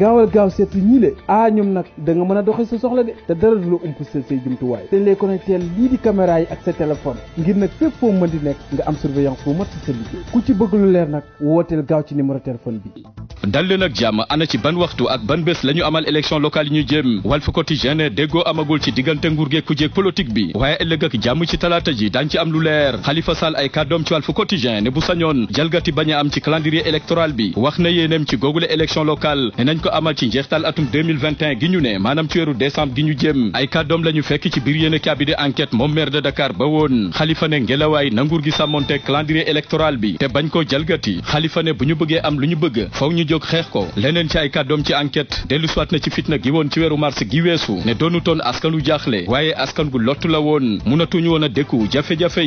gaawal gaaw seet si ñii ah, ñoom nag da nga mën a doxee sa soxla de te dara du la umpaseel say jumtuwaay dañ lay connecté lii di caméra yi ak sa téléphone ngir nag fépp foo mën di nekk nga am surveillance bu mat si sa liggéey ku ci bëgg lu leer nag wooteel gaaw ci numéro téléphone bi dal leen ak jàmm ana ci ban waxtu ak ban bés la ñu amal élection locale yi ñu jëm Walf Quotidien ne déggoo amagul ci diggante nguur geeg ku jéeg politique bi waaye ëllëg ak jàmm ci talaata ji daañ ci am lu leer Khalifa Sall ay kàddoom ci Walf Quotidien ne bu sañoon jalgati bañ am ci calendrier électoral bi wax na yéeneem ci googule élection locale nañ ko amal ci njeextal atum gi ñu ne maanaam ci weeru décembre gi ñu jëm ay kàddoom la ñu fekk ci biir yéen kaabidi enquête moom maire de Dakar ba woon xalifa ne ngelawaay na nguur gi sàmmonte calendrier électoral bi te bañ koo jalgati xalifa ne bu ñu bëggee am lu ñu bëgg foog ñu jóg xeex ko leneen ci ay kàddoom ci enquête dellu soit na ci fitna gi woon ci weeru mars gi weesu ne doonutoon askanu jaaxle waaye askan gu lottu la woon mënatuñu woon a dékku jafe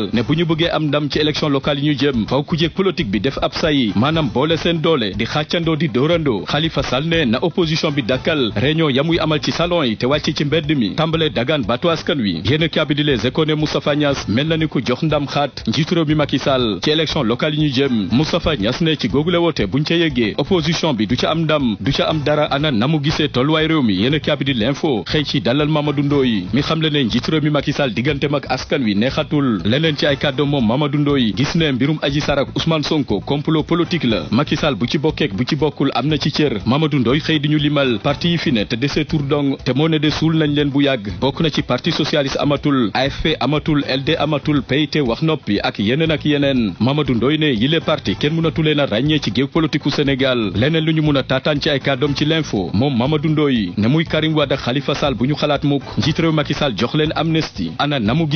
xel ne bu ñu bëggee am ndam ci élection locale yi jëm faw ku jéeg bi def ab sayi maanaam boole seen doole di xàccandoo di dóorandoo Khalifa Sall ne na opposition bi dakkal réunion yamuy amal ci salon yi te wàcc ci mbedd mi tàmbalee dagaan baatu askan wi yéen a kaabidi les économies Moustapha Niass mel jox ndam xaat njiitu mi Macky Sall ci élection locale yi ñu jëm Moustapha Niass ne ci googule woote buñ ca opposition bi du ca am ndam du ca am dara ana na mu gisee tolluwaay réew mi yéen a kaabidi l'info xëy ci dalal Mamadou Ndoye mi xam le ne njiitu réew mi Macky Sall digganteem ak askan wi neexatul leneen leen ci ay kàddo moom Mamadou Ndoye gis ne mbirum Adji Sarr ak Ousmane Sonko complot politique la Macky Sall bu ci bokkul am na ci cër Mamadou xëy di ñu limal parti yi fi ne te desee tur dong te moo ne de suul nañ leen bu yàgg bokk na ci parti socialiste amatul AFP amatul LD amatul PIT wax noppi ak yeneen ak yeneen Mamadou ne yile parti kenn mënatu leen a ràññee ci géew politiku Sénégal leneen lu ñu mun a taataan ci ay kàddoom ci leen amnistie ana namu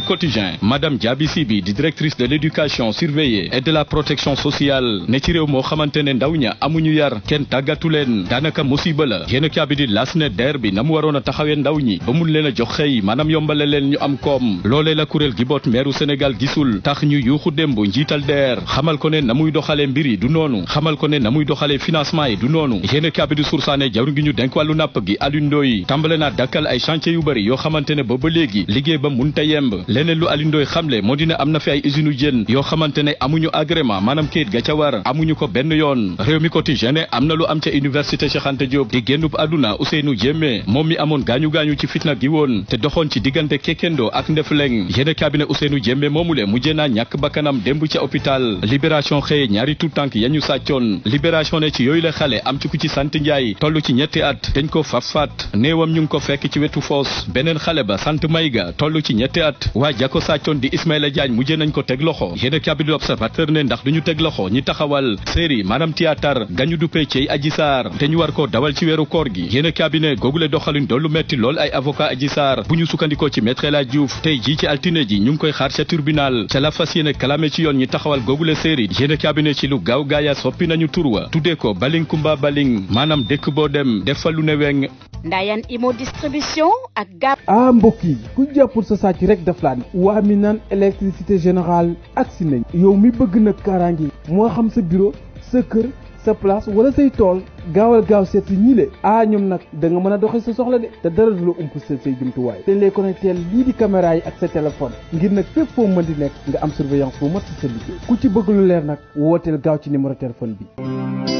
du quotidien madame Diaby Siby di directrice de l'éducation surveillée et de la protection sociale ne ci réew moo xamante ne ndaw ña amuñu yar kenn tàggatu leen daanaka musiba la yéen a bi di las ne der bi na mu waroon a taxawee ndaw ñi ba mun leen a jox xëy maanaam yombale leen ñu am koom loolee la kuréel gi boot meeru Sénégal gisul tax ñu yuuxu demb njiital der xamal ko ne na muy doxalee mbir yi du noonu xamal ko ne na muy doxalee financement yi du noonu yéen a bi di sursaane gi ñu denk wàllu napp gi Alioune Ndoye tàmbale naa dakkal ay chantier yu bëri yoo xamante ne ba ba léegi liggéey ba mun ta leneen lu Alioune Ndoye xamle moo dina am na fi ay usines jën yoo xamante ne amuñu agrément maanaam kayit ga ca war amuñu ko benn yoon réew mi quotidien ne am na lu am ca université Cheikh Anta Diop di génnub àdduna Ousseynou Diémé moom mi amoon gaañu-gaañu ci fitna gi woon te doxoon ci diggante Kekendo ak Ndefleng yéene cabinet Ousseynou moomu moomule mu naa ñàkk bakkanam démb ca hôpital libération xëye ñaari tuutànk ya ñu sàccoon libération ne ci yooyu la xale am ci ku ci sant Njaay toll ci ñetti at dañ ko faf faat néewam ñu ngi ko fekk ci wetu foos beneen xale ba sant Mayga toll ci ñetti at waa ja ko sàccoon di Ismaïla Diagne mujjee nañ ko teg loxo yéene kabi di observateur ne ndax ñu teg loxo ñi taxawal série maanaam théâtre gañu duppee ci Adji Sarr te ñu war ko dawal ci weeru koor gi yéene cabinet googule doxalin doon lu metti lool ay avocat Adji bu ñu sukkandikoo ci maître El Hadji tey jii ci altine ji ñu ngi koy xaar ca tribunal ca la fas yéene kalamé ci yoon ñi taxawal googule série yéene cabinet ci lu gaaw gaaya soppi nañu tur wa tuddee ko Baling Kumba Baling maanaam dëkk boo dem def fa lu ne weng Ndayane Imo distribution ak gàpp. ah mbokk yi ku jàppul sa sàcc rek daf laa ne. waa mi naan électricité générale si nañ. yow mi bëgg nag kaaraange yi. moo xam sa bureau sa kër sa place wala say tool. gaawal gaaw seet si ñii le ah ñoom nag da nga mën a doxee sa soxla de te dara du la ump sa say jumtuwaay te ñu lay connecté lii di caméra yi ak sa téléphone ngir nag fépp foo mën di nekk nga am surveillance bu mat si sa liggéey ku ci bëgg lu leer nag wooteel gaaw ci numéro téléphone bi